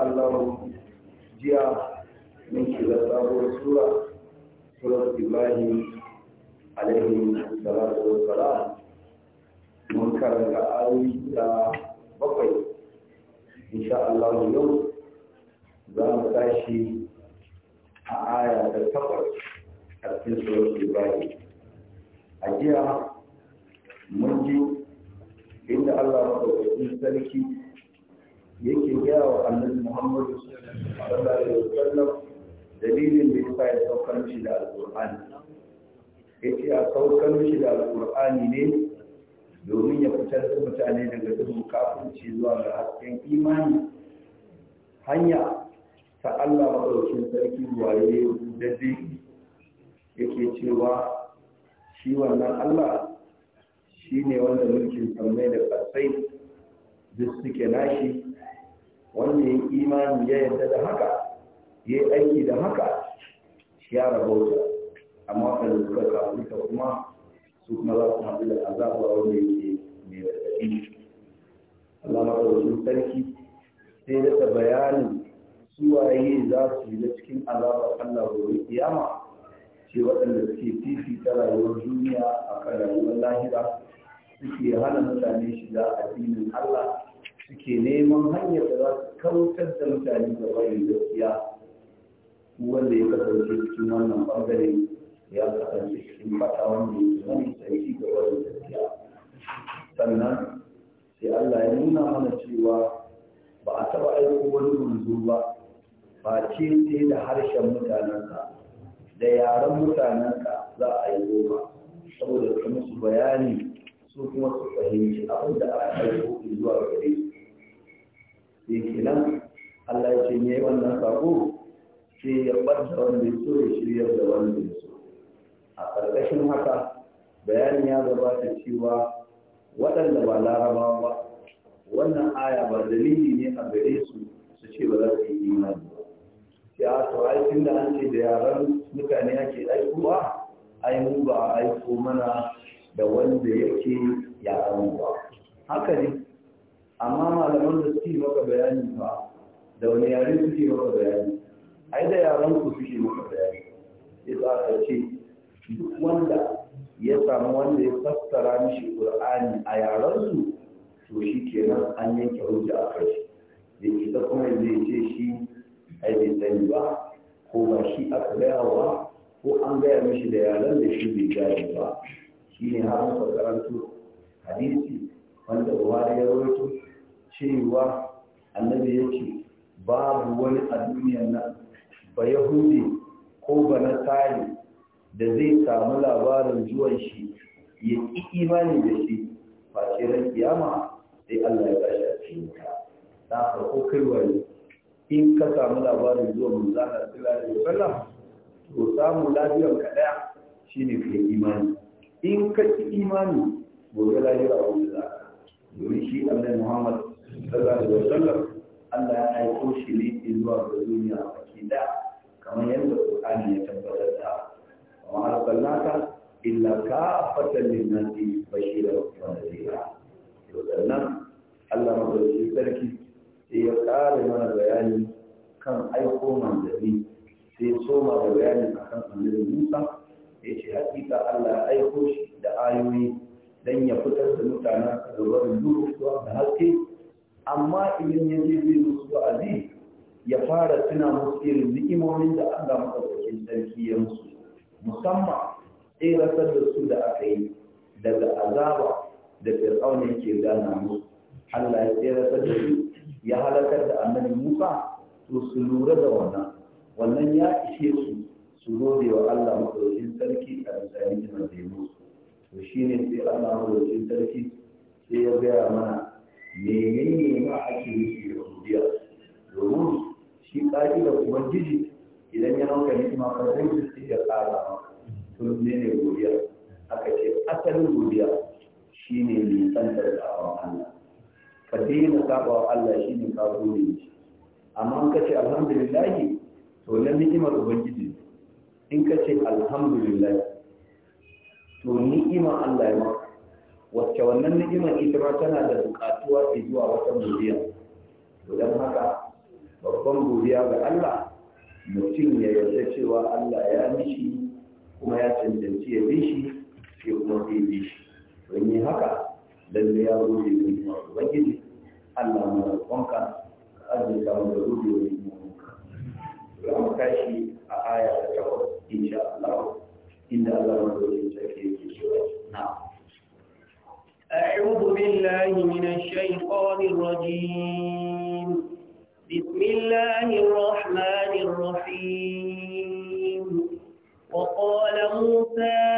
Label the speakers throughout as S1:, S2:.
S1: Allah jiya mun shiga sabuwar sura surat Ibrahim alaihi salatu wa salam mun karanta ayoyi bakwai insha Allah yau za mu tashi a aya ta takwas a cikin surat Ibrahim a jiya mun ji inda Allah madaukakin sarki yake gaya wa annabi Muhammad sallallahu alaihi wasallam dalilin da yasa ya saukar mishi da alqur'ani yace a saukar mishi da alqur'ani ne domin ya fitar da mutane daga duhun kafirci zuwa ga hasken imani hanya ta Allah madaukakin sarki waye dade yake cewa shi wannan Allah shi ne wanda mulkin sammai da ƙasai duk suke nashi wanda ya imani ya yarda da haka ya yi aiki da haka ya da, amma kan suka kafurta kuma su kuma za su haɗu da a wanda yake mai raɗaɗi Allah wasu sarki sai daga bayanin suwaye za su yi cikin azabar Allah gobe kiyama ce waɗanda suke fifita rayuwar duniya a kan rayuwar lahira suke hana mutane shiga addinin Allah suke neman hanyar da za su kautar da mutane da bayan gaskiya wanda ya kasance cikin wannan bangare ya kasance cikin fata wanda ya zama sarki da bayan gaskiya sannan sai Allah ya nuna mana cewa ba a taɓa aiko wani manzo ba ba ce sai da harshen mutanenka, da yaren mutanenka za a yi ba saboda su musu bayani su kuma su fahimci abin da aka in zuwa gare su sai kenan Allah ya ce ne wannan sako sai ya ɓarta wanda ya so ya shirya da wanda ya so a ƙarƙashin haka bayanin ya gabata cewa waɗanda ba laraba ba wannan aya ba dalili ne a gare su su ce ba za su yi imani ba ya to aikin da an ce da yaran mutane ake aikowa ai mu ba aiko mana da wanda yake ya ba haka ne amma malaman da suke maka bayani ba da wani yare suke maka bayani ai da yaran ku suke maka bayani ya za ka ce duk wanda ya samu wanda ya fassara mishi qur'ani a yaran su to shi kenan an yanke hujja a kai da ita kuma zai ce shi ai bai sani ba ko ba shi aka gaya wa ko an gaya mishi da yaran da shi bai gaya ba shi ne har su hadisi wanda buhari ya rawaito cewa annabi ya ce babu wani a duniyar nan ba yahudi ko ba na tsari da zai samu labarin zuwan shi ya ƙi imani da shi face ran kiyama sai Allah ya tashi a cikin ka na farko kai wani in ka samu labarin zuwan manzana sallallahu alaihi wasallam to samu lafiyar ka daya shine kai imani in ka ci imani gobe lahira a wani za ka domin shi annabi muhammad sallallahu alaihi wasallam Allah ya aiko shi ne zuwa ga duniya baki da kamar yadda Qur'ani ya tabbatar da wa arsalnaka illa kafatan lin-nasi bashiran wa nadhira to sannan Allah madaukakin sarki sai ya kare mana bayani kan aiko manzanni sai soma da bayani akan annabi Musa ya ce hakika Allah ya aiko shi da ayoyi don ya fitar da mutanen gabarin duru zuwa da haske amma idan ya je zai musu wa'azi ya fara tuna musu irin ni'imomin da Allah madaukakin sarki ya musu musamman tseratar da su da aka yi daga azaba da fir'auna yake gana musu Allah ya tseratar da su ya halakar da annabi Musa to su lura da wannan wannan ya ishe su su gode wa Allah madaukakin sarki a bisa hikimar da ya musu to shine sai Allah madaukakin sarki sai ya gaya mana menene ma ake nufi da rubiya domin shi da kuma ubangiji idan ya hauka hikima farkon da su ya ƙara ma to ne ne godiya aka ce asalin godiya shine nisantar da Allah ka daina saba wa Allah ne ka gode shi amma ka ce alhamdulillah to na ni'imar ubangiji in ka ce alhamdulillah to ni'ima Allah ya maka wacce wannan ni'imar ita ma tana da bukatuwa zuwa wata godiya to dan haka babban godiya ga Allah mutum ya yarda cewa Allah ya mishi kuma ya cancanci ya bi shi sai kuma zai bi shi don yi haka da ya gode ga ubangiji Allah mai wanka ka ajiye mu da gode wa za mu tashi a aya ta takwas insha Allah inda Allah ya zo ya
S2: take yake cewa na أعوذ بالله من الشيطان الرجيم بسم الله الرحمن الرحيم وقال موسى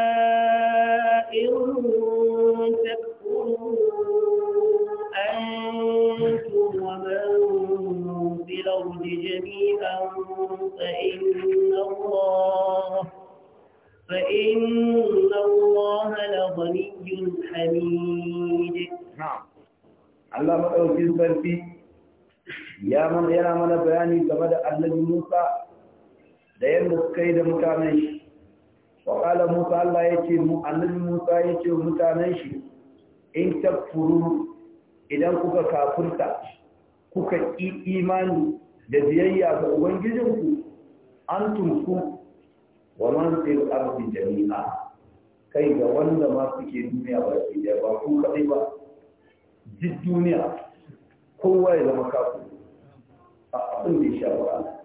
S1: Allah maɗaukin ya
S2: yana mana bayani game da annabi
S1: Musa da yadda suka yi da mutanen shi Waƙala Musa Allah yace mu annabi Musa ya ce mutanen shi in tafuru idan kuka kafurta kuka ki imani da biyayya ga ubangijinku an tunku wa man fil ardi jami'a kai ga wanda ma suke duniya ba su ba ku kaɗai ba duk duniya kowa ya zama kafu a abin da ya sha wa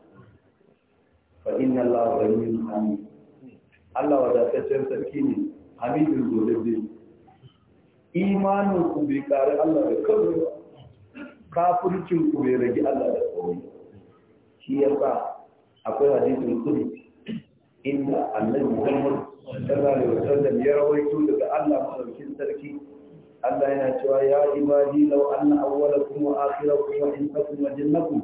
S1: fa inna Allah wa hamid Allah wa dafacin sarki ne hamidun dole imanin ku bai kare Allah da kawai ba kafircin ku bai rage Allah da kawai shi ya sa akwai hadisin kudi inda annabi Muhammad sallallahu alaihi wasallam ya rawaito daga Allah madaukakin sarki Allah yana cewa ya ibadi law anna kuma wa kuma in insakum wa jinnaku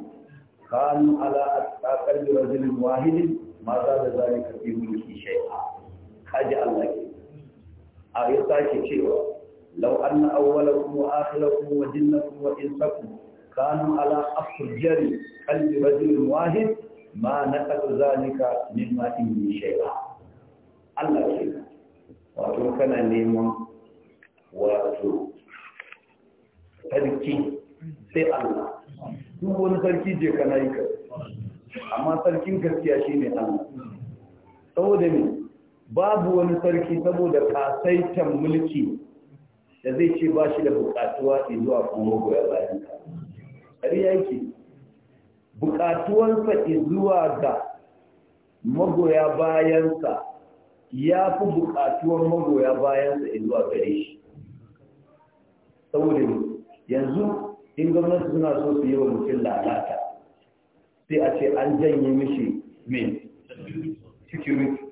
S1: kanu ala aqalli rajulin wahidin ma za da zalika fi mulki shay'a kaji Allah ke a ya sake cewa law anna awwalakum kuma akhirakum wa jinnakum wa insakum kanu ala afjari qalbi rajulin wahid ma na naqadu zalika mimma in shay'a Allah ke wato kana neman wato sarki sai Allah duk wani sarki je ka na yi ka amma sarkin gaskiya shi ne Allah saboda ne babu wani sarki saboda kasaitan mulki da zai ce ba shi da bukatuwa zuwa kuma goya bayan ka ƙari yake bukatuwansa zuwa ga magoya bayansa ya fi bukatuwar magoya bayansa zuwa gare shi saboda yanzu in gwamnati suna so su yi wa mutum lalata sai a ce an janye mishi min security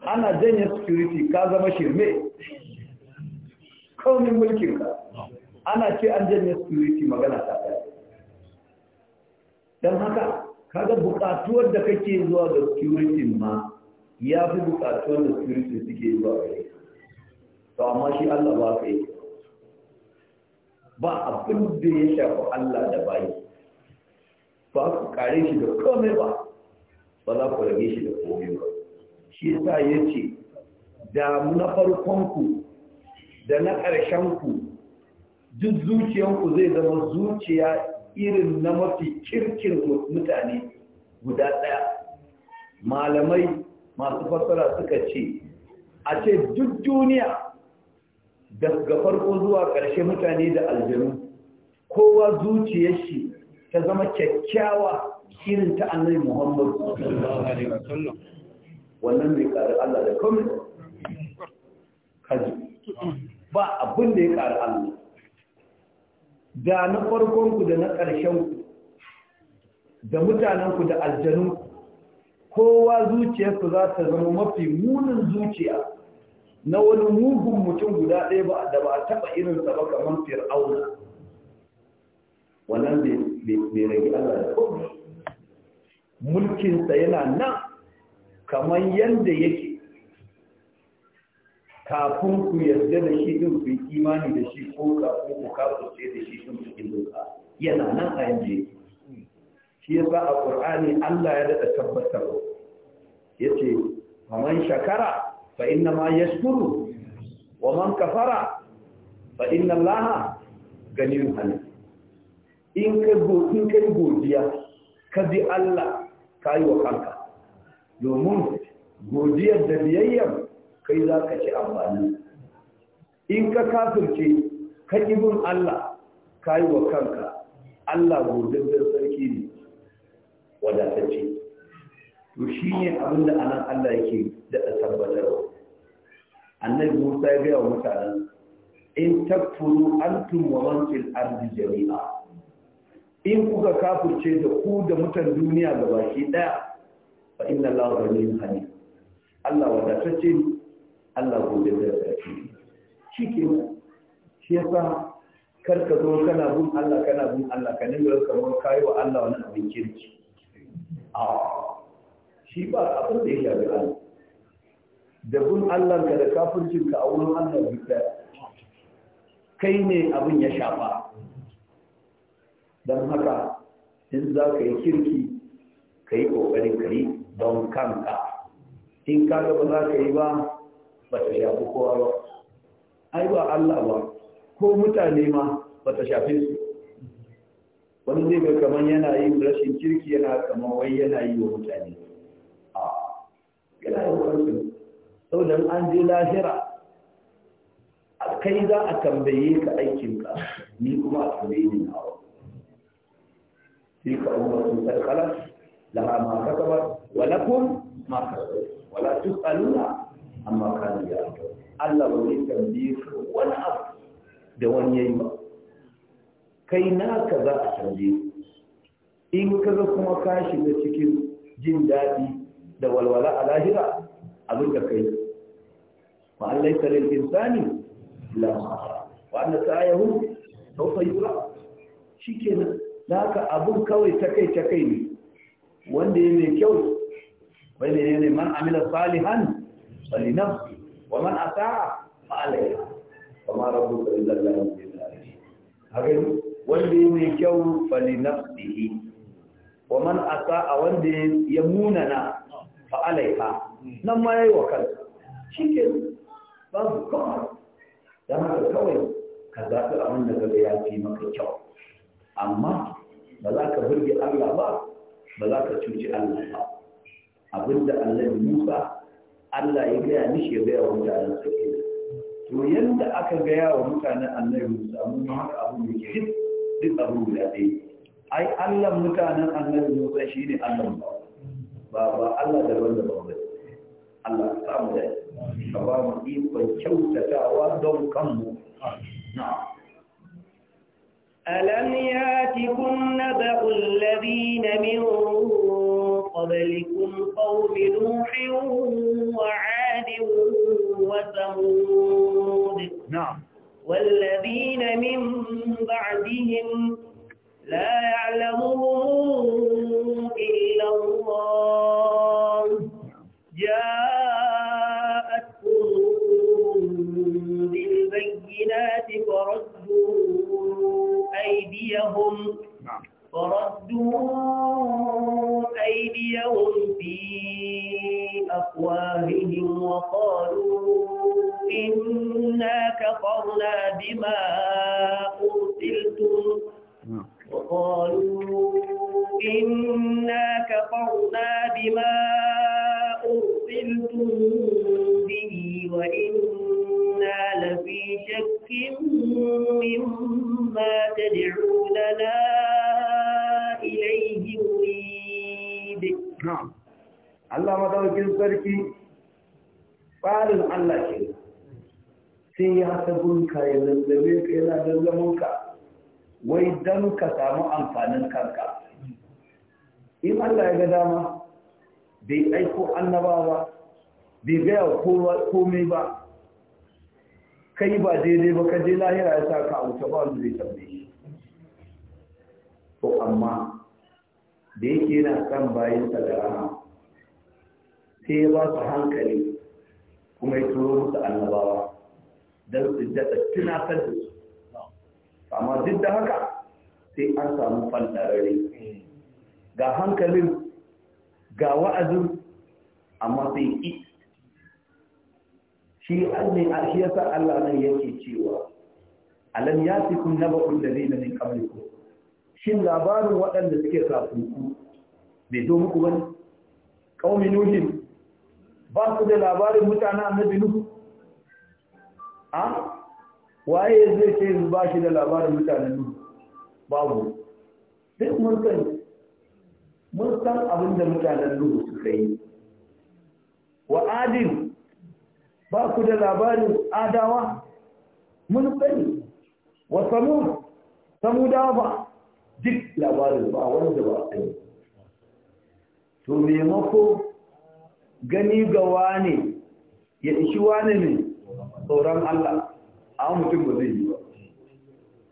S1: ana janye security ka zama shirme kaunin mulkin ka ana ce an janye security magana ta kai don haka kaga bukatuwar da kake zuwa ga security ma ya fi bukatuwar da security suke zuwa ga to amma shi Allah ba ka yi ba abin da ya shafi Allah da bayi ba ku kare shi da komai ba ba za ku rage shi da komai ba shi sa ya ce da na farkonku da na ƙarshenku duk zuciyanku zai zama zuciya irin na mafi kirkin mutane guda ɗaya malamai masu fasara suka ce a ce duk duniya daga farko zuwa ƙarshe mutane da aljanu kowa zuciyar shi ta zama kyakkyawa irin ta annabi Muhammad wannan mai ƙari Allah da komai kaji ba abin da ya ƙari Allah da na farkon ku da na ƙarshen ku da mutanen ku da aljanu kowa zuciyarku za ta zama mafi munin zuciya na wani mugun mutum guda ɗaya ba da ba a taɓa irinsa ba kamar fir'auna wannan bai rage Allah da komi mulkinsa yana nan kamar yadda yake kafin ku yarda da shi ɗin ku imani da shi ko kafin ku ce da shi ɗin cikin doka yana nan a yanzu shi yasa a ƙur'ani Allah ya daɗa tabbatar ya ce shakara fa inna ma yashkuru wa man kafara fa inna allaha ganiyun halim in ka go in ka godiya ka bi Allah ka wa kanka domin godiyar da biyayyar kai za ka ci amfani in ka kafirce ka ibin Allah ka wa kanka Allah godin sarki ne wadatacce to shi ne abin da anan Allah yake da tabbatarwa annabi Musa ya gaya wa mutanen in takfuru antum wa man fil ardi jami'a in kuka kafirce da ku da mutan duniya gabaki daya fa inna Allahu ghaniyyun hamid Allah wadatacce Allah gobe da shi shike shi yasa kar ka zo kana bin Allah kana bin Allah ka nemi kamar kai wa Allah wani abin kirki a ah. shi ba abin da ya shafi Allah da gun Allah ka da kafircinka a wurin Allah duk kai ne abin ya shafa don haka in za ka yi kirki ka yi kokari ka yi don kanka in ka ga ba za ka yi ba ba ta shafi kowa ba ai ba Allah ba ko mutane ma ba ta shafi su wani zai ga kamar yana yin rashin kirki yana kamar wai yana yi wa mutane yana yin wancan saboda an je lahira kai za a tambaye ka aikinka ni kuma a tambaye ni na wa sai ka umar sun sarkala laha ma kamar wa lakum ma kasaba wala tusaluna amma kan ya Allah ba zai tambaye ka wani abu da wani ya yi ba kai naka za a tambaye in ka ga kuma ka shiga cikin jin daɗi da walwala a lahira abin da kai wa an laisa lil insani la wa anna sa'ayahu sawfa yura shikenan haka abin kawai ta kai ta kai ne wanda ya mai kyau wanda ne ne man Amina salihan fali nafsi wa man ata fa alayha wa ma da ya illa allahu haka wanda ya mai kyau fali nafsihi wa man a wanda ya munana fa alaiha nan ma yayi wa kansa shike su kawai da haka kawai ka zaɓi abin da kaga ya fi maka kyau amma ba za ka burge Allah ba ba za ka cuci Allah ba abinda Allah Musa Allah ya gaya mishi ya gaya wa mutanen sa to yanda aka gaya wa mutanen annabi Musa mun haka abin da ke duk abin da ya ai Allah mutanen annabi Musa shine Allah ba baba
S2: ألم ياتكم نبأ الذين من قبلكم قوم نوح وعاد وثمود نعم والذين من بعدهم لا يعلمهم
S1: da zamanka wai don ka samu amfanin kanka in Allah ya ga dama bai aiko annaba ba bai gaya me ba kai ba daidai ba kaje lahira ya sa ka a ba wanda zai tambaye shi to amma da yake yana kan bayan da rana sai ya ba su hankali kuma ya turo musu annabawa don su jaɗa tunatar da su amma duk da haka sai an samu fantarare ga hankalin ga wa'azin amma sai ki shi ne a shi yasa Allah nan yake cewa alam yatikum zai ladina min ku shin labarin waɗanda suke kafin ku bai zo muku wani ƙaumi nuhin ba su da labarin mutanen na binu a ah? waye zai ce yanzu ba shi da labarin mutanen nuhu babu duk mun san mun san abin da mutanen nuhu suka yi wa adin ba ku da labarin adawa mun sani wa samu da ba duk labarin ba wanda ba a yi to maimako gani ga wane ya ishi wane ne tsoron Allah a mutum ba zai yi ba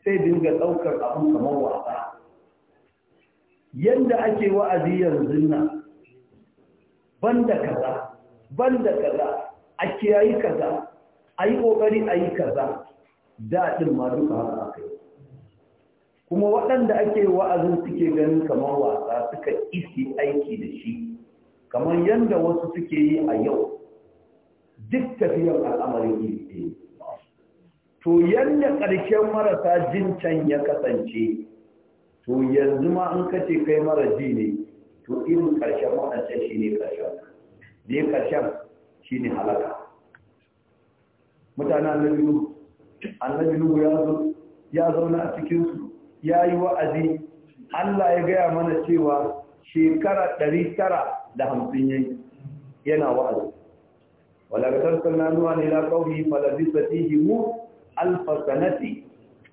S1: sai dinga ɗaukar abin kamar wasa yadda ake wa'azi yanzu na banda kaza banda kaza a kiyayi kaza a yi ƙoƙari a yi kaza daɗin ma duka haka kai yi kuma waɗanda ake wa'azin suke ganin kamar wasa suka isi aiki da shi kamar yadda wasu suke yi a yau duk tafiyar al'amarin ne to yadda ƙarshen marasa jin can ya kasance to yanzu ma an kace kai mara ji ne to irin ƙarshen waɗancan shi ne ƙarshen ne ƙarshen shi ne halaka mutane na biyu annabi nuhu ya zauna a cikinsu ya yi wa'azi allah ya gaya mana cewa shekara ɗari tara da hamsin yayi yana wa'azi na sannanuwa ne na ƙauri falabisa fihi mu alfa sanati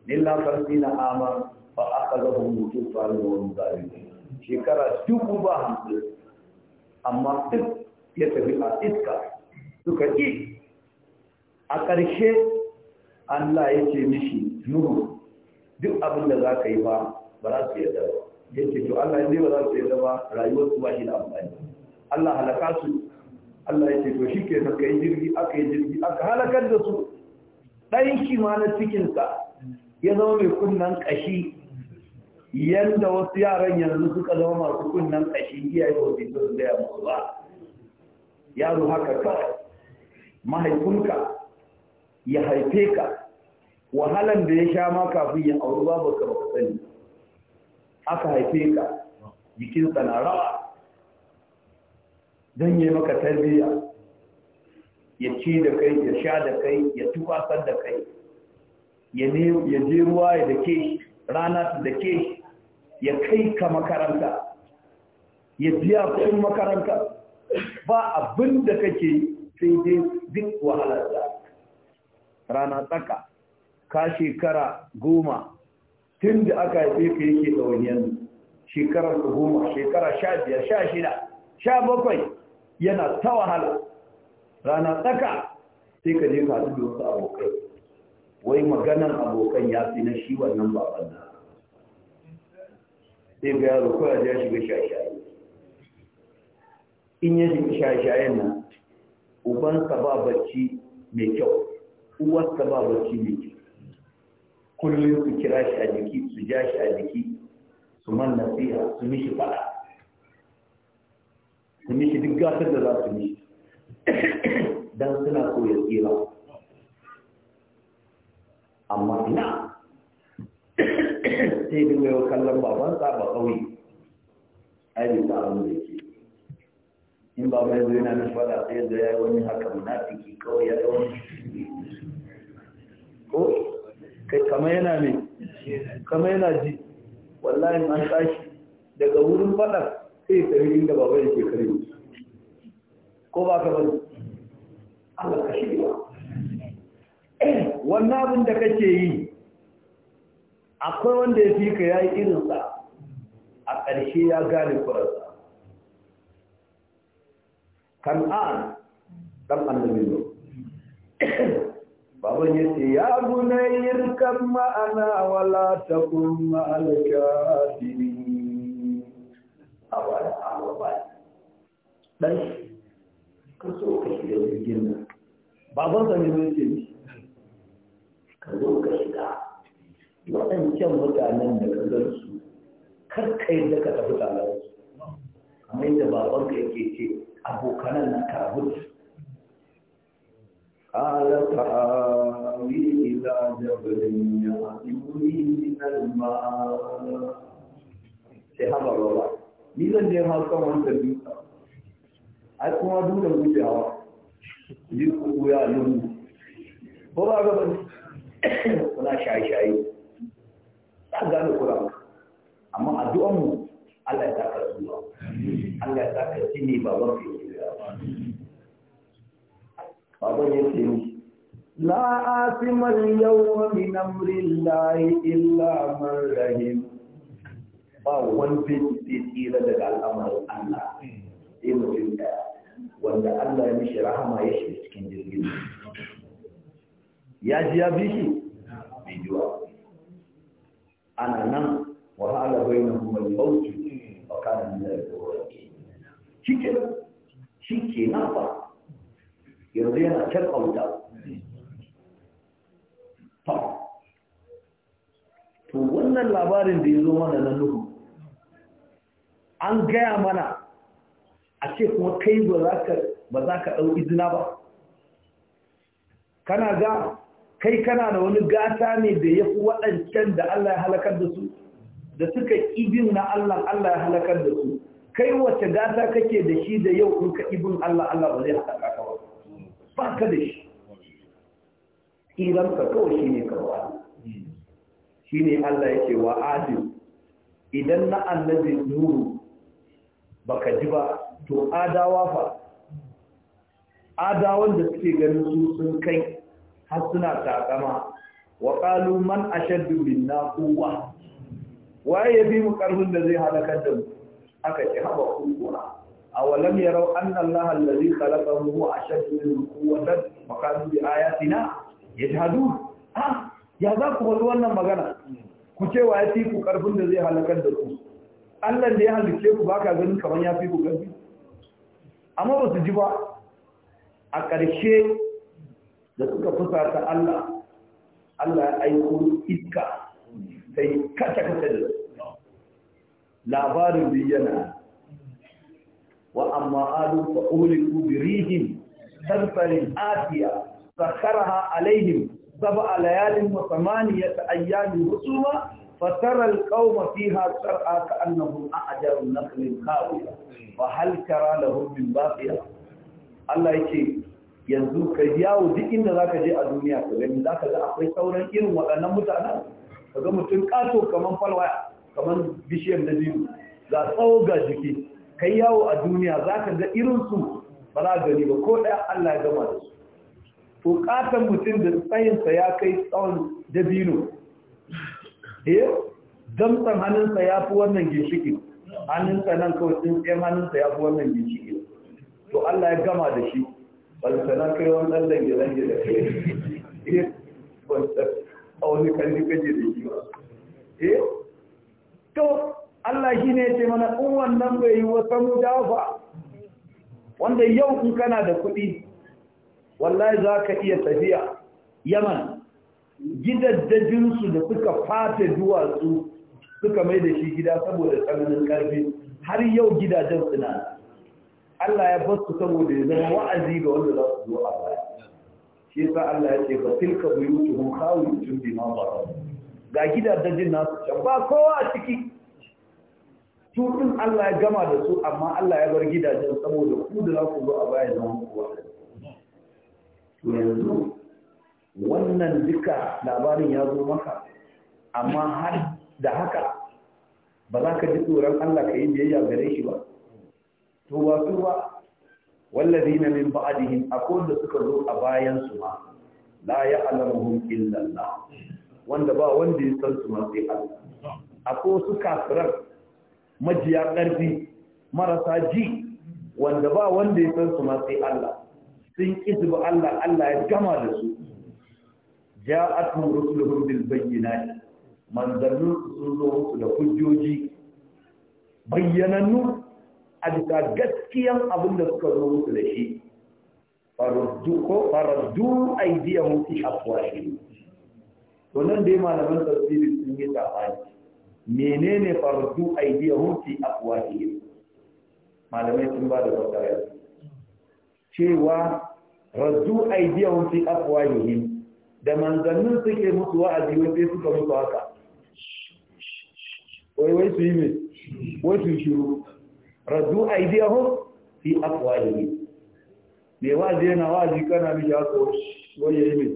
S1: illa farsina amar fa akhadhahum tufan wa zalim shekara dubu ba hamsin amma duk ya tafi a iska suka ƙi a ƙarshe Allah ya ce mishi nuhu duk abin da za ka yi ba ba za su yadda ba ya ce to Allah ya ne ba za su yadda ba rayuwar su ba shi da amfani Allah halaka su Allah ya ce to shi ke ka yi jirgi aka yi jirgi aka halakar da su ɗan shi ma na cikinsa ya zama mai kunnan ƙashi yadda wasu yaran yanzu suka zama masu kunnan ƙashi iyaye ba su sun gaya musu ba yaro haka kawai mahaifinka ya haife ka wahalan da ya sha ma kafin ya auri babu ka ba sani aka haife ka jikinsa na rawa don yi maka tarbiyya ya ci da kai ya sha da kai ya san da kai ya je ruwa ya dake rana da ke ya kai ka makaranta ya biya kuɗin makaranta ba abin da kake sai dai duk wahalar da rana tsaka ka shekara goma tun da aka yi ka yake yanzu shekarar goma shekara sha biyar sha shida sha bakwai yana ta wahala rana tsaka sai ka je ka da wasu abokai wai maganar abokan ya fi na shi wannan baban na sai ga yaro ko ya shiga shashaye in ya shiga shashayen nan ubansa ba bacci mai kyau uwarsa ba bacci mai kyau kullum su kira shi a jiki su ja shi a jiki su man nasiha su mishi fada su mishi duk gasar da za su mishi Dan suna so ya tsira amma ina sai bin mai kallon baban sa ba ƙauye ai ta abin da yake in ba mai zuwa na fada sai da yi wani haka munafiki kawai ya yi wani ko kai kama yana ne kama yana ji wallahi an tashi daga wurin fada sai ya yi inda baba yake kare ko ba ka bari Allah ka shirya wannan abin da kake yi akwai wanda ya fi ka ya yi irinsa a ƙarshe ya gane kan an ɗan annabi ne baban ya ce ya bunayyar kan ma'ana wala ta kun ma'alaka fili a wani ɗan ka ka shiga jirgin nan baban sa ne mai ce ni ka zo ka shiga waɗancan mutanen da ka gan su kar ka yi ka tafi tare da su kamar yadda baban ka yake ce abokanan na karabut قال تعالي إلى جبل يعلمني من الماء سيحب الله مين اللي يهاكم عن تلبيسه ai kuma dole gujewa yi kuku ya lungu ko ba ga bane kuna shaye-shaye ta gane kura amma addu'an mu Allah ya saka zuwa Allah ya saka jini baban ka yi baban ya ce ni لا آثم اليوم من أمر الله إلا من رحم ba wani fitin tsira daga al'amarin Allah sai mutum ɗaya wanda Allah ya mishi rahama ya shiga cikin jirgin ya ji ya bishi shi bai ji ana nan wahala bai na kuma bautu a kanan da ya Cikin ke shi ke na ba yanzu yana can auta to wannan labarin da ya zo mana na nuhu an gaya mana a ce kuma kai ba za ka ɗau izina ba kana ga kai kana da wani gata ne da ya fi waɗancan da Allah ya halakar da su da suka ibin na Allah Allah ya halakar da su kai wace gata kake da shi da yau in ka ibin Allah Allah ba zai haɗa ka ba ba ka da shi iran kawai shi ne kawai shi ne Allah ya ce wa adil idan na annabi nuru baka ji ba to adawa fa adawan da suke ganin su sun kai har suna takama wa qalu man ashaddu minna quwwa waye yabi mu karhun da zai halakar da mu aka ce haba kuwa awalam yarau anna allaha allazi khalaqahu huwa ashaddu minhu quwwatan wa qalu bi ayatina yajhadu ah ya za ku wani wannan magana ku ce wa ya fi ku karfin da zai halakar da ku Allah da ya halice ku baka ganin kamar ya fi ku karfi amma ba su ji ba a ƙarshe da suka fusa ta Allah Allah ya aiko iska sai kata kata da labarin biyana wa amma adu fa uliku bi rihim sarfarin atiya sakharaha alaihim sab'a layalin wa thamaniyata ayyamin husuma فترى القوم فيها سرعى كأنهم أعجر النخل خاوية وهل ترى لهم من باقية الله yake yanzu kai yawo duk inda za ka je a duniya ka gani za ka ga akwai sauran irin waɗannan mutanen ka ga mutum ƙato kamar falwaya kamar bishiyar da biyu ga tsawo ga jiki kai yawo a duniya za ka ga su ba za gani ba ko ɗaya allah ya gama da su to ƙaton mutum da tsayinsa ya kai tsawon dabino eh damtsan hannunsa ya fi wannan ginshikin hannunsa nan kawai tsintsiyar hannunsa ya fi wannan ginshikin to Allah ya gama da shi balsana kai wani ɗan lange-lange da kai eh a wani kalli je da shi ba eh to Allah shi ne ce mana in wannan bai yi samu dafa wanda yau in kana da kuɗi wallahi za ka iya tafiya yaman gidaddajinsu da suka fata duwatsu suka mai da shi gida saboda tsananin ƙarfi har yau gidajen suna Allah ya basu saboda ya zama wa'azi ga wanda za su zo a baya shi sa Allah ya ce ba tilka buyutuhum khawiyatun bima ba. ga gidajen nasu can ba kowa a ciki su Allah ya gama da su amma Allah ya bar gidajen saboda ku da za ku zo a baya zama kowa to yanzu wannan duka labarin ya zo maka amma har da haka ba za ka ji tsoron Allah ka yi biyayya gare shi ba to ba su ba wallazi na min ba'dihim akwai da suka zo a bayan su ma la ya'lamuhum illa Allah wanda ba wanda ya san su ma sai Allah akwai su kafirar majiya ƙarfi marasa ji wanda ba wanda ya san su ma sai Allah sun ƙi Allah Allah ya gama da su ja'atu rusuluhum bil bayyinati manzannin sun zo musu da hujjoji bayyanannu a bisa gaskiyan abin da suka zo musu da shi faraddu aidiyahu fi afwahi to nan dai malaman tafsiri sun yi tafani menene faraddu aidiyahu fi afwahi malamai sun ba da bakara cewa raddu aidiyahu fi afwahi da manzannin suke mutu wa'azi wai suka mutu haka wai wai su yi mai wai su shiru idiya aidiyahum fi ne mai wa'azi yana wa'azi kana mishi haka wai yi mai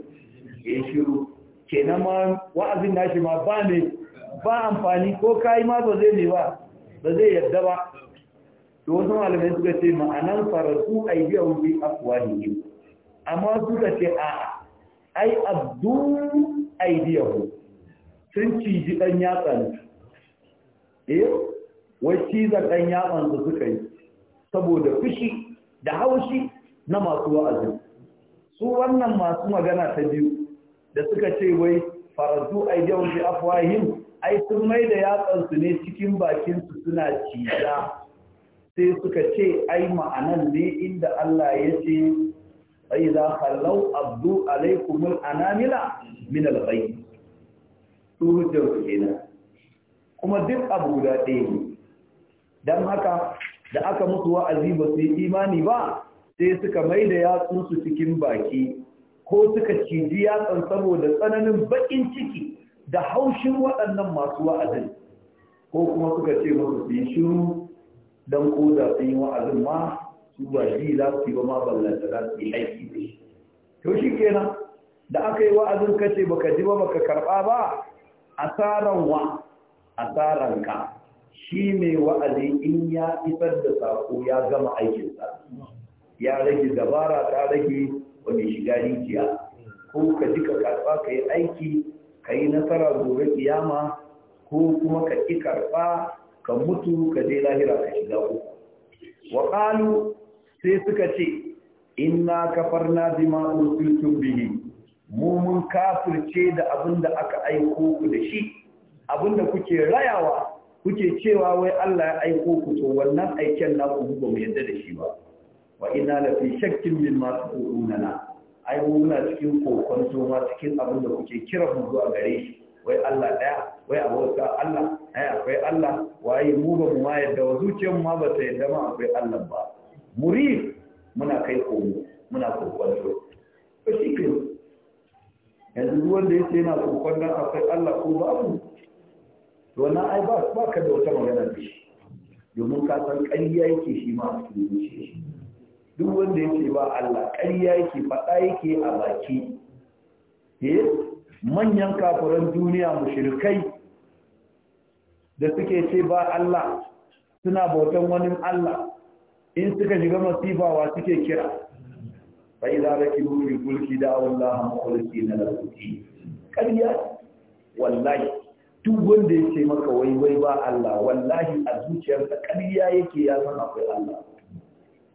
S1: yayi shiru na ma wa'azin nashi ma ba ne ba amfani ko kayi ma ba zai ne ba ba zai yadda ba to wasu malamai suka ce ma'anan idiya aidiyahum fi ne amma suka ce a'a ai abdu aidiyahu sun ciji dan yatsan eh wai cizon dan yatsan su suka yi saboda fushi da haushi na masu wa'azi su wannan masu magana ta biyu da suka ce wai faradu aidiyahum bi afwahim ai sun mai da yatsan su ne cikin bakin su suna ciza sai suka ce ai ma'anan ne inda Allah ya ce فإذا خلوا أبدوا عليكم الأنامل من الغيب سوره kenan. kuma duk abu guda ɗaya ne don haka da aka musu wa'azi ba su yi imani ba sai suka mai da yatsunsu cikin baki ko suka ciji yatsan saboda tsananin baƙin ciki da haushin waɗannan masu wa'azin ko kuma suka ce musu su yi shiru don ko za su yi wa'azin ma zuwa shi za su yi ba ma ballanta za su yi aiki da shi to shi kenan da aka yi wa'azin kace baka ji ba baka karɓa ba asaran wa asaran ka shi ne wa'azi in ya isar da sako ya gama aikinsa ya rage dabara ta rage wani shiga rijiya ko ka ji ka karɓa ka yi aiki ka yi nasara gobe kiyama ko kuma ka ƙi karɓa ka mutu ka je lahira ka shiga uku wa sai suka ce inna kafarna bima ursiltum bihi mu mun kafirce da abinda aka aiko ku da shi abinda kuke rayawa kuke cewa wai Allah ya aiko ku to wannan aiken na ku ba mu yadda da shi ba wa inna la fi shakkin min ma tuquluna ai muna cikin kokon ma cikin abinda kuke kira mu zuwa gare shi wai Allah daya wai abota Allah ai akwai Allah wai mu ba mu ma yadda wa zuciyar mu ma ba ta yadda ma akwai Allah ba muri muna kai komo muna kokwanto to shi ke yanzu wanda ya ce yana kokwanto akwai Allah ko babu to wannan ai ba ba ka da wata magana da shi domin ka san ƙarya yake shi ma su cikin shi duk wanda ya ba Allah ƙarya yake faɗa yake a baki eh manyan kafiran duniya mushrikai da suke ce ba Allah suna bautan wani Allah in suka shiga masifa wa suke kira fa idza rakibu fil fulki da Allah mukhlisina na din kariya wallahi duk wanda ya ce maka wai wai ba Allah wallahi a zuciyarsa kariya yake ya san akwai Allah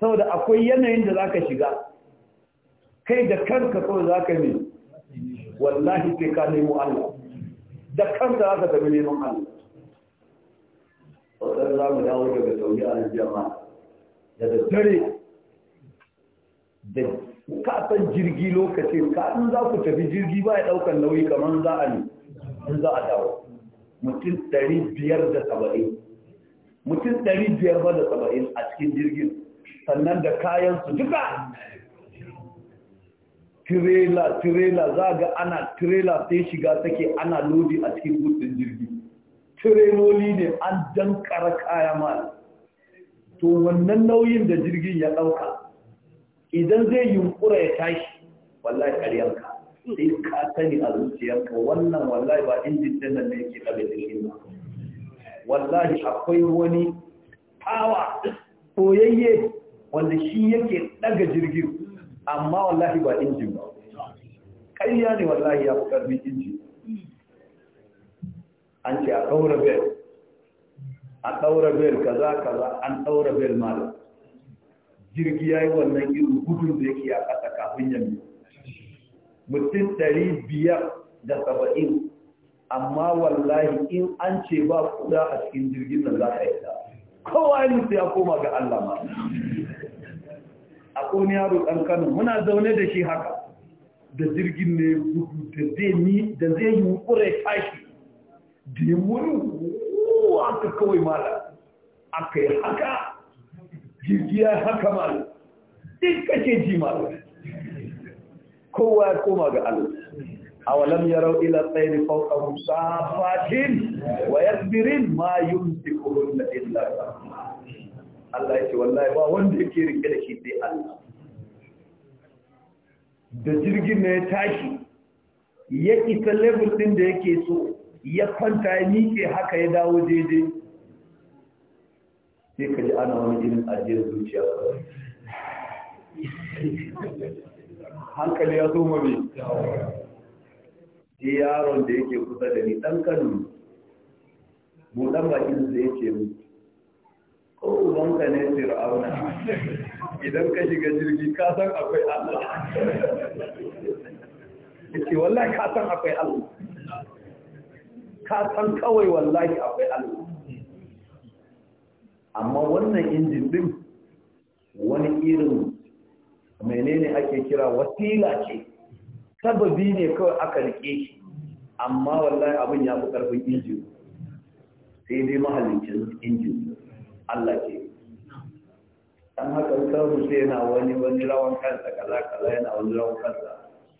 S1: saboda akwai yanayin da zaka shiga kai da kanka ko zaka ne wallahi sai ka nemo Allah da kanka zaka tafi neman Allah wannan za mu dawo daga tauri a jama'a da daddare da ka jirgi lokacin ka in za ku tafi jirgi ba ya ɗaukar nauyi kamar za a ne in za a dawo mutum dari biyar da saba'in mutum dari biyar ba da saba'in a cikin jirgin sannan da kayan su duka tirela tirela za ga ana tirela sai shiga take ana lodi a cikin gudun jirgi tireloli ne an dankara kaya mara to wannan nauyin da jirgin ya ɗauka idan zai yunkura ya tashi wallahi ƙaryanka sai ka sani a zuciyarka wannan wallahi ba injin jannan ne yake kabe jirgin ba wallahi akwai wani tawa koyayye wanda shi yake ɗaga jirgin amma wallahi ba injin ba ƙarya ne wallahi ya fi ƙarfi injin an ce a kawo rabe a ɗaura bel kaza kaza an ɗaura bel malam jirgi ya yi wannan irin gudun da yake a ƙasa kafin yamma mutum ɗari biyar da saba'in amma wallahi in an ce ba kuɗa a cikin jirgin nan za a yi ta kowa ya mutu ya koma ga Allah ma a ƙoni yaro ɗan kano muna zaune da shi haka da jirgin ne gudu da zai yi wukure tashi da ya muni aka kawai mala aka yi haka jirgiya haka mala duk kake ji mala kowa ya koma ga Allah ya rau ila fauka musa fatin wa birin ma na illa Allah ya ce wallahi ba wanda yake rike da shi sai Allah da jirgin na ya tashi ya isa level din da yake so ya kwanta ya miƙe haka ya dawo daidai sai ka ji ana wani irin ajiyar zuciya hankali ya zo mami ji yaron da yake kusa da ni ɗan kanu buɗan bakin da yake mu ko ubanka ne fir'auna idan ka shiga jirgi ka san akwai Allah yake wallahi ka san akwai Allah ka san kawai wallahi akwai Allah amma wannan injin din wani irin menene ake kira wasila ce sababi ne kawai aka rike shi amma wallahi abin ya fi karfin injin sai dai mahallicin injin Allah ke dan haka samun sai yana wani wani rawan kansa kaza kaza yana wani rawan kansa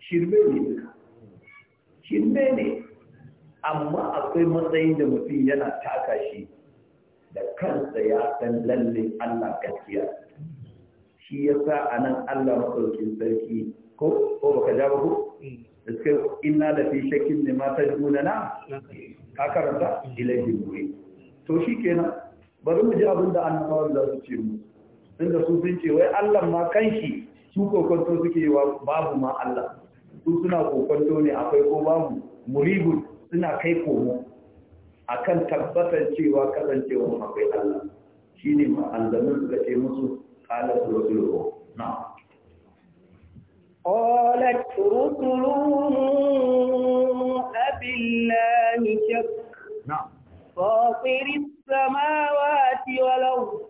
S1: shirme ne shirme ne amma akwai matsayin da mutum yana taka shi da kansa ya san lalle Allah gaskiya shi ya sa a nan Allah maɗaukin sarki ko ko baka ja ba ko da suka inna da fi shakin ne mata juna na ka karanta ilahi buri to shi kenan bari mu ji abin da annabawan za su ce mu inda su sun ce wai Allah ma kanshi su kokonto suke babu ma Allah su suna kokonto ne akwai ko babu muribun suna kai komo kan tabbatar cewa kasancewa akwai Allah shine ma'anzamin suka ce musu qala rasuluhu na
S2: qalat rusuluhu abillahi shak na fatir السماوات والأرض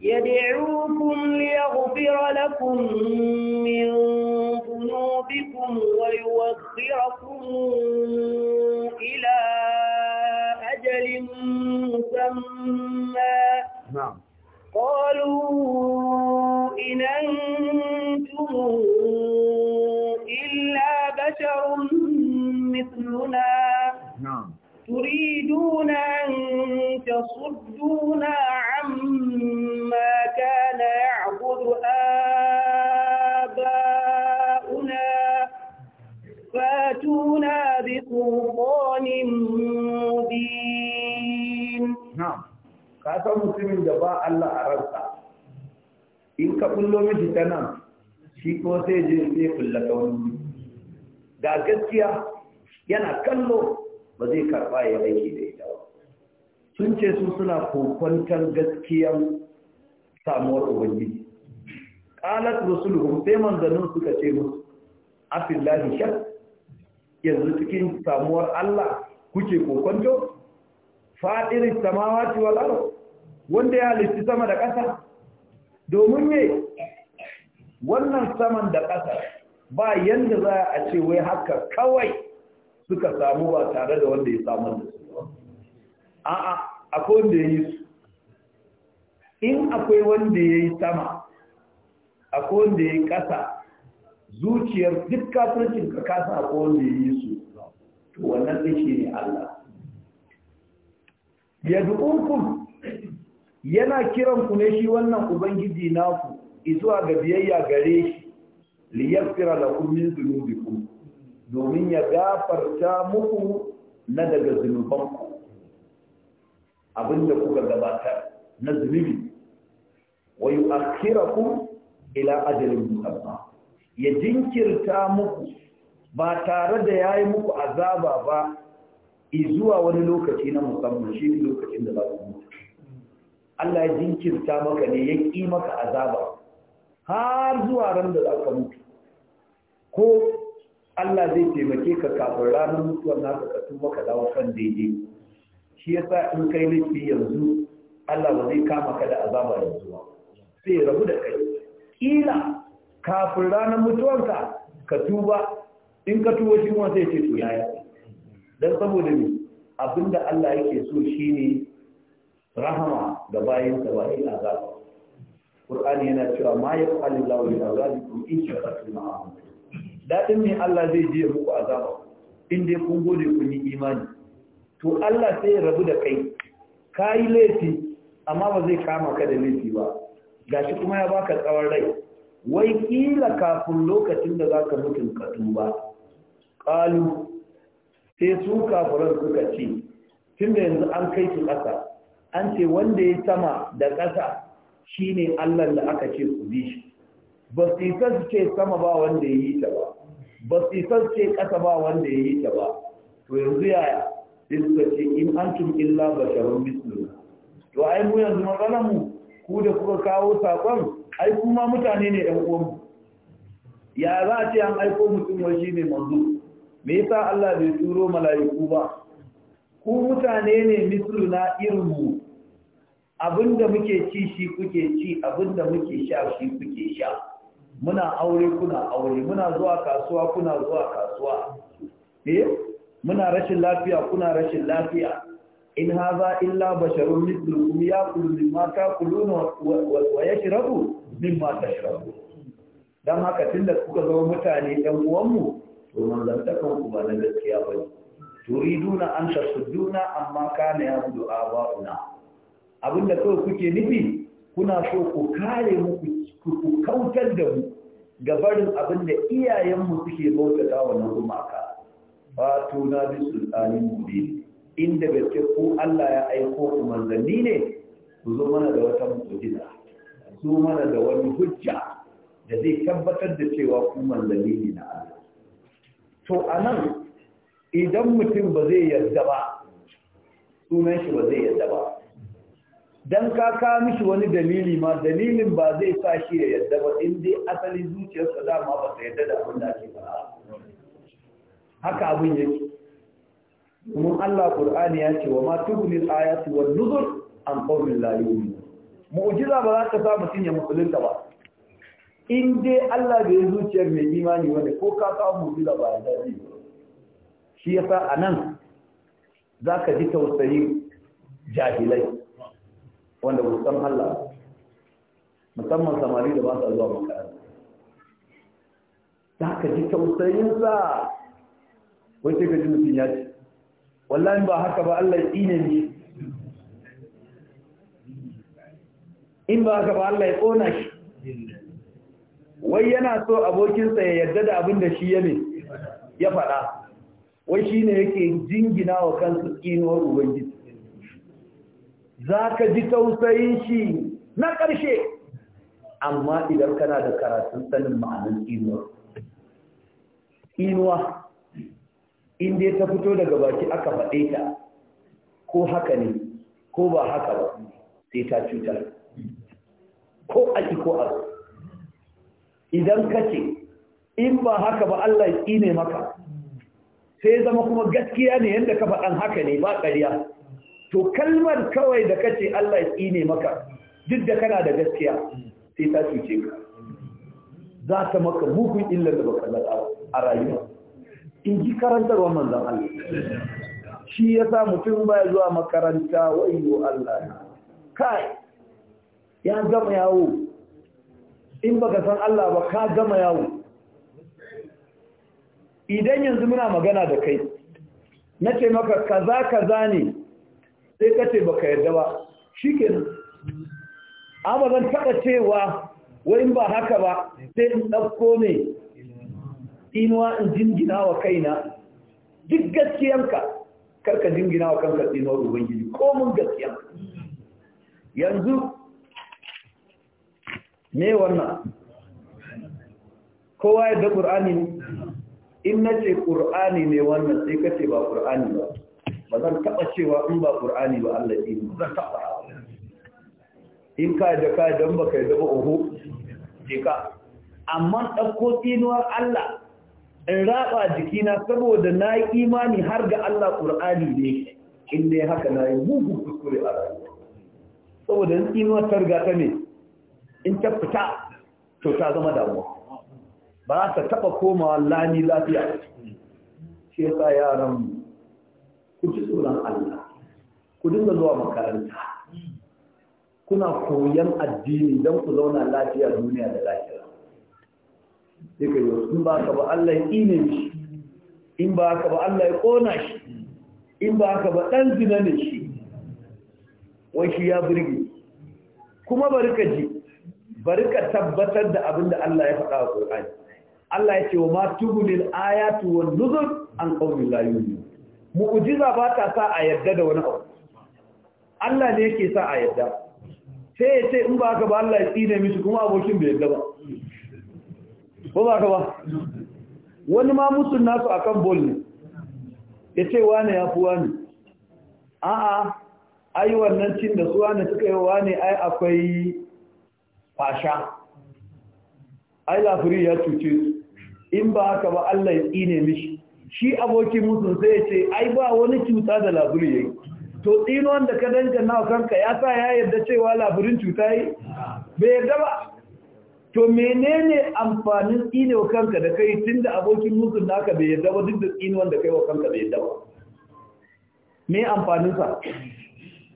S2: يدعوكم ليغفر لكم من ذنوبكم ويوخركم إلى أجل مسمى نعم قالوا إن أنتم إلا بشر مثلنا نعم تريدون أن تصدونا mubin na'am
S1: ka san mutumin da ba Allah a ransa in ka kullo miji ta nan shi ko sai je sai kulla ta wani ga gaskiya yana kallo ba zai karba ya aiki da ita ba sun ce su suna kokwantar gaskiyan samuwar ubangiji qalat rusuluhum sai manzannin suka ce musu afillahi shak yanzu cikin samuwar Allah kuke kokonto fadirin samawati wal ardh wanda ya halitta sama da ƙasa domin ne wannan saman da ƙasa ba yanda za a ce wai haka kawai suka samu ba tare da wanda ya samu da su a'a akwai wanda ya yi su in akwai wanda ya yi sama akwai wanda ya yi ƙasa zuciyar duk kafircin ka kasa a kowanne yi su to wannan ɗin ne Allah ya du'ukum yana kiran ku ne shi wannan ubangiji naku izuwa ga biyayya gare shi liyar da lakum min dhunubikum domin ya gafarta muku na daga zunubanku abinda kuka gabata na zunubi wa ku ila ajalin musamman ya jinkirta muku ba tare da ya yi muku azaba ba zuwa wani lokaci na musamman shi lokacin da ba ku mutu Allah ya jinkirta maka ne ya ƙi maka azaba har zuwa ran da za mutu ko Allah zai taimake ka kafin ranar mutuwar naka ka kasu maka dawo kan daidai shi yasa in kai laifi yanzu Allah ba zai kama ka da azaba yanzu ba sai rabu da kai kila kafin ranar mutuwarsa ka tuba in ka tuba shi wanda ya ce to yaya don saboda ne abinda Allah yake so shi ne rahama ga bayan ba ila azaba Qur'ani yana cewa ma yaqalu Allahu li azabikum in shakartum ma'ahu dadin ne Allah zai je muku azaba in dai kun gode kun yi imani to Allah sai ya rabu da kai kai laifi amma ba zai kama ka da laifi ba gashi kuma ya baka tsawon rai wai kila kafin lokacin da za ka mutum ka tuba ƙalu sai su kafiran suka ce tun da yanzu an kai su ƙasa an ce wanda ya sama da ƙasa shine allah da aka ce ku bi shi ba su isa su ce sama ba wanda ya yi ta ba ba su isa su ce ƙasa ba wanda ya yi ta ba to yanzu yaya sai suka ce in tun illa basharun misluna to ai mu yanzu matsalar mu ku da kuka kawo saƙon ai kuma mutane ne ɗan uwanmu ya za a ce an aiko mutum waje shi ne manzo me yasa Allah bai turo mala'iku ba ku mutane ne misluna na irinmu abinda muke ci shi kuke ci abinda muke sha shi kuke sha muna aure kuna aure muna zuwa kasuwa kuna zuwa kasuwa eh muna rashin lafiya kuna rashin lafiya in haza illa basharun mithlukum yaqulu mimma taquluna wa yashrabu mimma ta shirabu don haka tun da kuka zama mutane ɗan uwanmu to manzantakan ku ba na gaskiya ba turiduna an tasudduna amma kana ya budu aba'una abinda kawai kuke nufi kuna so ku kare mu ku kautar da mu ga barin abinda iyayenmu suke bautata wa na gumaka ba tuna bi mu mubin inda gaske ko Allah ya aiko ku manzanni ne ku zo mana da wata mu'jiza zo mana da wani hujja da zai tabbatar da cewa ku manzanni ne na Allah to anan idan mutum ba zai yarda ba sunan shi ba zai yarda ba dan ka ka mishi wani dalili ma dalilin ba zai sa shi ya yarda ba in dai asalin zuciyarsa dama ba ta yarda da abin da ake fara haka abin yake kuma Allah Qur'ani ya ce wa ma tubnil ayatu wan nuzur an qawmin la yu'minun mu'jiza ba za ta sa mutum ya musulunta ba in dai Allah bai zuciyar mai imani wanda ko ka kawo mu'jiza ba ya dace shi yasa anan zaka ji tausayin jahilai wanda ba san Allah musamman samari da ba sa zuwa makaranta zaka ji tausayin sa wace ka ji mutum ya ce wallahi ba haka ba Allah ya ne. ni in ba ka ba Allah ya kona shi wai yana so abokinsa ya yarda da abin da shi ya ne ya faɗa wai shi ne yake jingina wa kansu tsinuwar ubangiji za ka ji tausayin shi na ƙarshe amma idan kana da karatun sanin ma'anin tsinuwar tsinuwa dai ta fito daga baki aka faɗe ta ko haka ne ko ba haka ba sai ta cutar ko a ko a idan ka ce in ba haka ba Allah yi ne maka sai zama kuma gaskiya ne yadda ka faɗan haka ne ba ƙarya to kalmar kawai da kace Allah yi ne maka duk da kana da gaskiya sai ta cuce ka za ta maka mugun illar da baka da a rayuwa in ji karantarwar manzan Allah shi ya yasa mutum baya zuwa makaranta wayo Allah kai ya gama yawo in baka san Allah ba ka gama yawo idan yanzu muna magana da kai na ce maka kaza kaza ne sai ka ce baka yarda ba shikenan amma zan taɓa cewa wai in ba haka ba sai in ɗauko ne inuwa in jingina wa kaina duk gaskiyanka karka jingina wa kanka tsinuwar ubangiji ko mun gaskiya, yanzu me wannan kowa da ƙur'ani in na ce ƙur'ani ne wannan sai ka ce ba ƙur'ani ba ba zan taɓa cewa in ba ƙur'ani ba Allah ɗi ba zan taɓa in ka da ka yadda ba ka da ba oho sai ka amma ɗauko tsinuwar Allah in raba jikina saboda na yi imani har ga Allah ƙur'ani ne in ne haka na yi mugun kuskure a rayuwa saboda in tsinuwar targa ta ne in ta fita to ta zama damuwa ba za ta taba komawa lani lafiya shi yasa yaran ku ji tsoron Allah ku dinga zuwa makaranta kuna koyan addini don ku zauna lafiya duniya da lafiya sai ka yi in ba ka ba Allah ya ine shi in ba ka ba Allah ya kona shi in ba ka ba ɗan zina ne shi wai shi ya burge kuma bari ka ji bari ka tabbatar da abin da Allah ya faɗa wa Qur'ani Allah ya ce wa ma gudun ayatu wa nuzur an qawmin layuni Mu'ujiza ba ta sa a yadda da wani abu Allah ne yake sa a yadda sai ya ce in ba ka ba Allah ya tsine mishi kuma abokin bai yadda ba ko ba ka ba wani ma musun nasu akan bol ne ya ce wane ya fi wane a'a ai wannan cin da su wane suka yi wane ai akwai fasha ai lafiri ya cuce su in ba haka ba Allah ya tsine mishi shi abokin mutum sai ya ce ai ba wani cuta da lafiri yayi to tsino wanda ka danka nawa kanka ya sa ya yarda cewa lafirin cuta yi bai yarda ba to menene amfanin tsinewa kanka da kai tunda abokin mutum naka bai yarda ba duk da tsino wanda kai wa kanka bai yarda ba me amfaninsa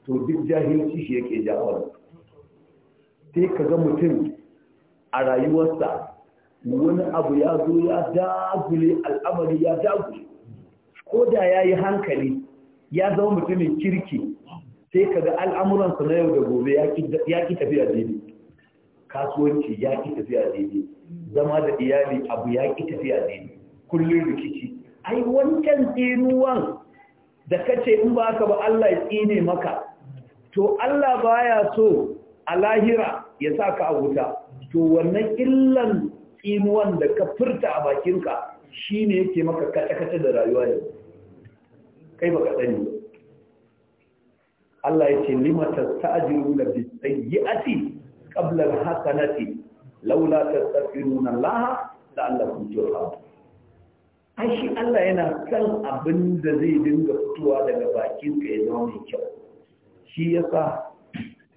S1: to duk jahilci shi yake jawo sai ka ga mutum a rayuwarsa wani abu ya zo ya dagule al'amari ya dagule ko da ya yi hankali ya zama mutumin kirki sai ka ga al'amuransa na yau da gobe ya ki tafiya daidai kasuwanci ya ki tafiya daidai zama da iyali abu ya ki tafiya daidai kullum rikici ai wancan tsinuwan da kace in ba ka ba Allah ya tsine maka to Allah baya so a lahira ya sa ka a wuta to wannan illan tsinuwan da ka furta a bakinka shi ne yake maka kata-kata da rayuwa yau kai baka sani Allah ya ce lima tasta'jiluna bis-sayyi'ati qabla hasanati laula da Allah la'allakum turhamun ai shi Allah yana san abin da zai dinga fitowa daga bakinka ya zama mai kyau shi yasa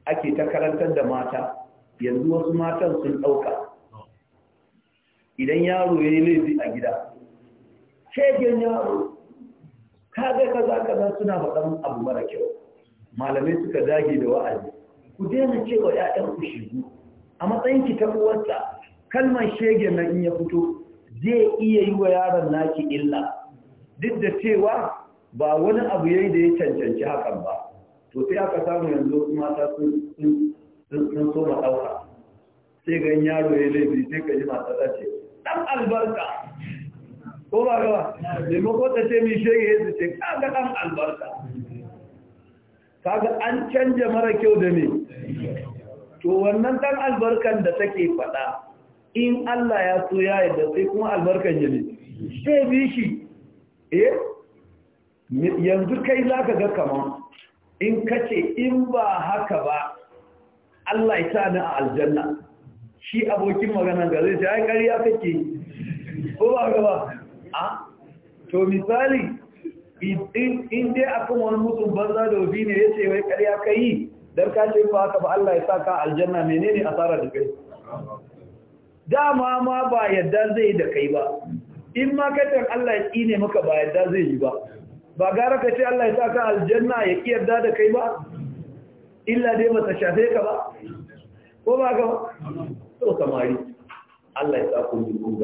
S1: ake ta karantar da mata yanzu wasu matan sun ɗauka idan yaro ya yi laifi a gida shegen yaro kaga kaza kaza suna faɗan abu mara kyau malamai suka dage da wa'azi ku daina cewa ‘ya'yan ku shigo a matsayin ki ta uwarsa kalman shege na in ya fito zai iya yi wa yaron naki illa duk da cewa ba wani abu yayi da ya cancanci hakan ba to sai aka samu yanzu mata sun sun so ma ɗauka sai ga yaro ya laifi sai ka ji mata ta ce ɗan albarka ko ba gawa maimako ta ce mi shege ya ce kaga ɗan albarka kaga an canja mara kyau da ne to wannan ɗan albarkan da take faɗa in Allah ya so ya yadda sai kuma albarkan ya ne sai bishi eh yanzu kai za ka ga kamar in ka ce in ba haka ba Allah ya sa ni a aljanna shi abokin magana ga zai sai ƙarya kake ko ba ba a to misali in dai akan wani mutum banza da obi ne ya ce wai ƙarya ka yi don ka ce ba haka ba Allah ya sa ka aljanna menene asara da kai dama ma ba yadda zai da kai ba in ma kaitan Allah ya tsine maka ba yadda zai yi ba ba gara ka ce Allah ya sa ka aljanna ya ki yarda da kai ba illa dai ba ta shafe ka ba ko ba ka ba to samari Allah ya sa ku ji ku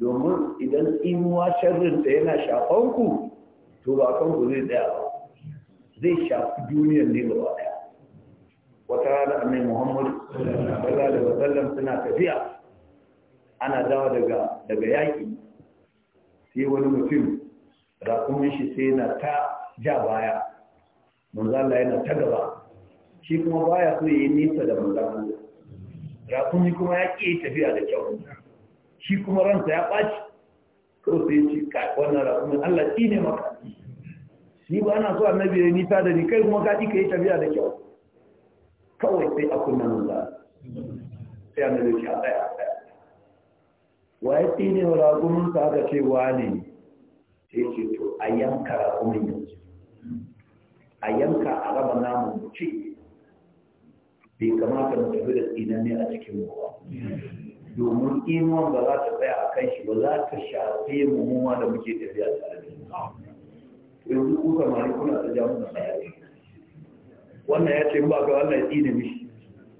S1: domin idan inuwa sharrin ta yana shafan ku to ba kan ku zai tsaya ba zai shafi duniyar ne gaba daya wata rana annabi Muhammad sallallahu alaihi wasallam suna tafiya ana dawo daga daga yaki sai wani mutum kuma shi sai yana ta ja baya manzo Allah yana ta gaba shi kuma baya so yayi nisa da manzo Allah rakumi kuma ya ƙi tafiya da kyau shi kuma ransa ya ɓaci ko sai shi ce ka wannan kuma Allah ƙi ne maka Shi ba na so annabi ya nisa da ni kai kuma ka ƙi ka yi tafiya da kyau kawai sai a kunna manzo sai annabi ya tsaya tsaya wa ya ƙi ne sa aka ce wani ne sai ce to a yanka rakumin yanzu a yanka a raba namun mu ce bai kamata mu tafi da ne a cikin mu ba domin inuwan ba za ta tsaya a kan shi ba za ta shafe mu da muke tafiya tare da yanzu ku samari kuna ta ja muna bayani wannan ya ce ba ga wannan tsini mishi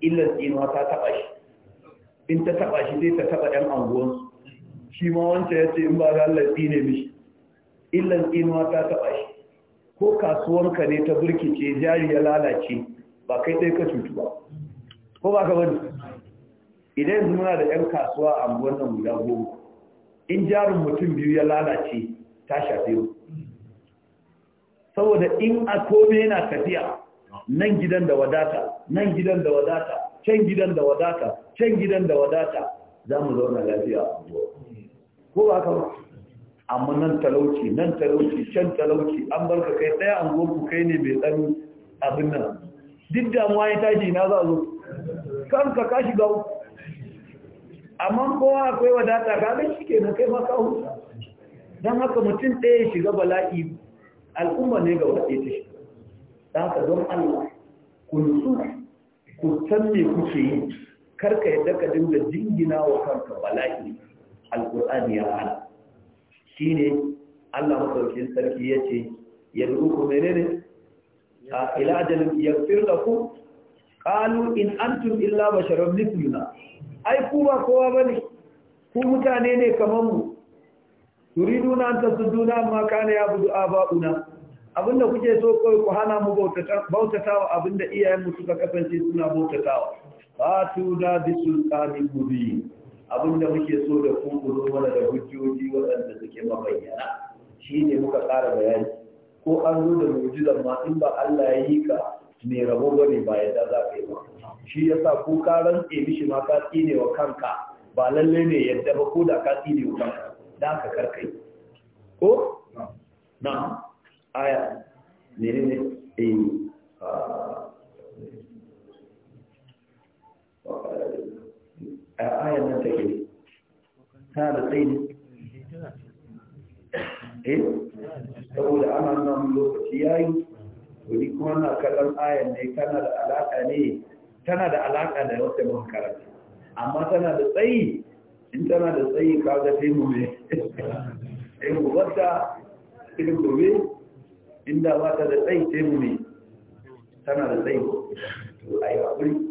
S1: illa tsinuwa ta taba shi in ta taba shi zai ta taba yan anguwansu shi ma wancan ya ce in ba ga Allah tsine mishi illan inuwa ta taɓa shi ko kasuwanka ne ta burkice jari ya lalace ba kai ɗaya ka cutu ba ko ba ka wani idan yanzu muna da 'yan kasuwa a wannan guda goma in jarin mutum biyu ya lalace ta shafe mu saboda in a kome yana tafiya nan gidan da wadata nan gidan da wadata can gidan da wadata can gidan da wadata za mu zauna lafiya ko ba ka ba amma nan talauci nan talauci can talauci an barka kai ɗaya an ku kai ne mai ɗan abin nan duk da damuwa ya tashi na za zo kanka ka shiga amma kowa akwai wadata kaga shi ke na kai maka don haka mutum ɗaya shiga bala'i al'umma ne ga wadda ta shiga don haka don allah ku nutsu ku san me kuke yi karka yadda ka dinga jingina wa kanka bala'i alƙur'ani ya hana shine Allah madaukakin sarki ya ce yace yad'uku menene ila ya yaghfir ku. ƙalu in tun illa ba basharun nufina, ai ku ba kowa bane ku mutane ne kamar mu nuna an tasudduna ma budu a ba'una, abinda kuke so kawai ku hana mu bautatawa abinda iyayenmu suka kasance suna bautatawa tu da bisultanin mubin da muke so da ku mana da hujjoji waɗanda suke mabayyana shi ne muka ƙara bayani ko an zo da mu'jizan ma in ba Allah ya yi ka ne rabo bane ba yadda za ka yi ba shi yasa ko ka rantse mishi ma ka tsine wa kanka ba lalle ne yadda ba ko da ka tsine wa kanka da ka karkai ko na aya ne ne eh ah, a ayan nan take ta da tsayi eh saboda ana nan lokaci yayi wani kuma na kallon ayan ne kana da alaka ne tana da alaƙa da wata mun karanta amma tana da tsayi in tana da tsayi kaga sai mu ne eh mu wata irin gobe inda ba ta da tsayi sai mu ne tana da tsayi to ayi hakuri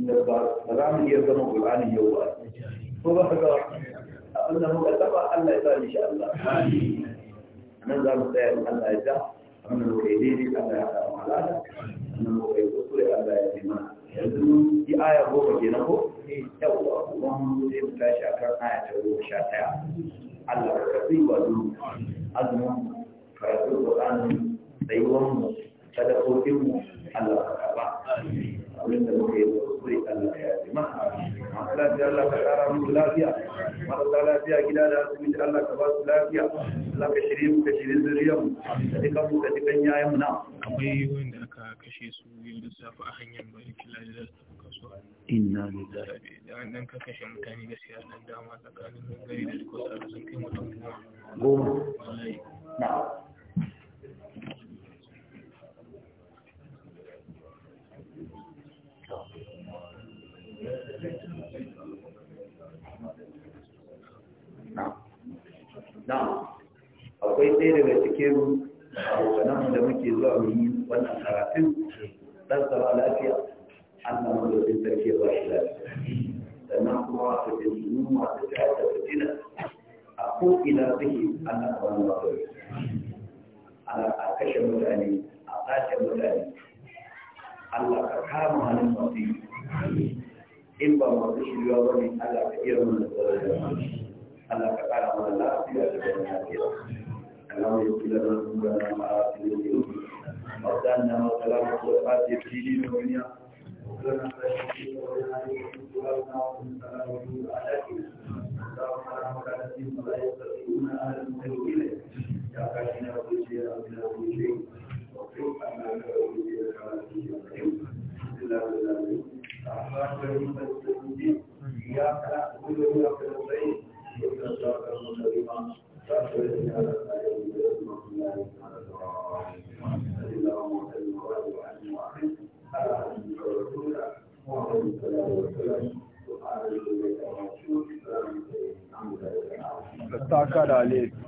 S1: نظام هي زمن القرآن يوال فبحق أنه أتبع أن لا إن شاء الله آمين نظام سيد أن لا إتاء أن الوحيدين أن لا إتاء معلانا أن الوحيد أسرع أن لا إتاء معلانا في آية بوبا جنبو يوى اللهم نزيم كاشا كان آية تقول شاتع على الكثير وزنو أزمو فرسول القرآن سيوهم فدخوتهم على
S2: الكثير abin da muke
S1: zai Allah masu lafiya Allah ka musu lafiya marasa lafiya gida da asibiti Allah ka ba su lafiya Allah ka shirye mu ka shirye mu mu dukan yayan mu na akwai wanda aka kashe su yau da safe a hanyar bayan kila da za su kasuwa inna lillahi da an ka kashe mutane gaskiya dan dama tsakanin gari da kusa da sun kai mutum goma na'am na akwai ɗaya daga cikin abokananmu da muke zuwa mu yi wannan karatun dan sama lafiya an na mazaurin sarki ba shi lafiya sannan kuma a cikin sunu masu jihar da fitina a ko'ina suke an na wani mazaurin a kashe mutane a sace mutane Allah ka kama hannun masu yi in ba masu shirya wani Allah ka iya mana tsoron Allah ka kara mana lafiya da zaman lafiya اللهم يغفر لنا ذنوبنا وآثنا ذنوبنا وارزقنا وسلامة وإنا نسألنا وإنا نسألنا عليك لا مكان الدين ولا يستطيعون أهل يا كاشفين وكل شيء أمنا كل شيء واغفر لنا وكل شيء كما تشاء إلا بالله الرحمن الرحيم مالك يوم الدين إياك نعبد Ta kada lefi.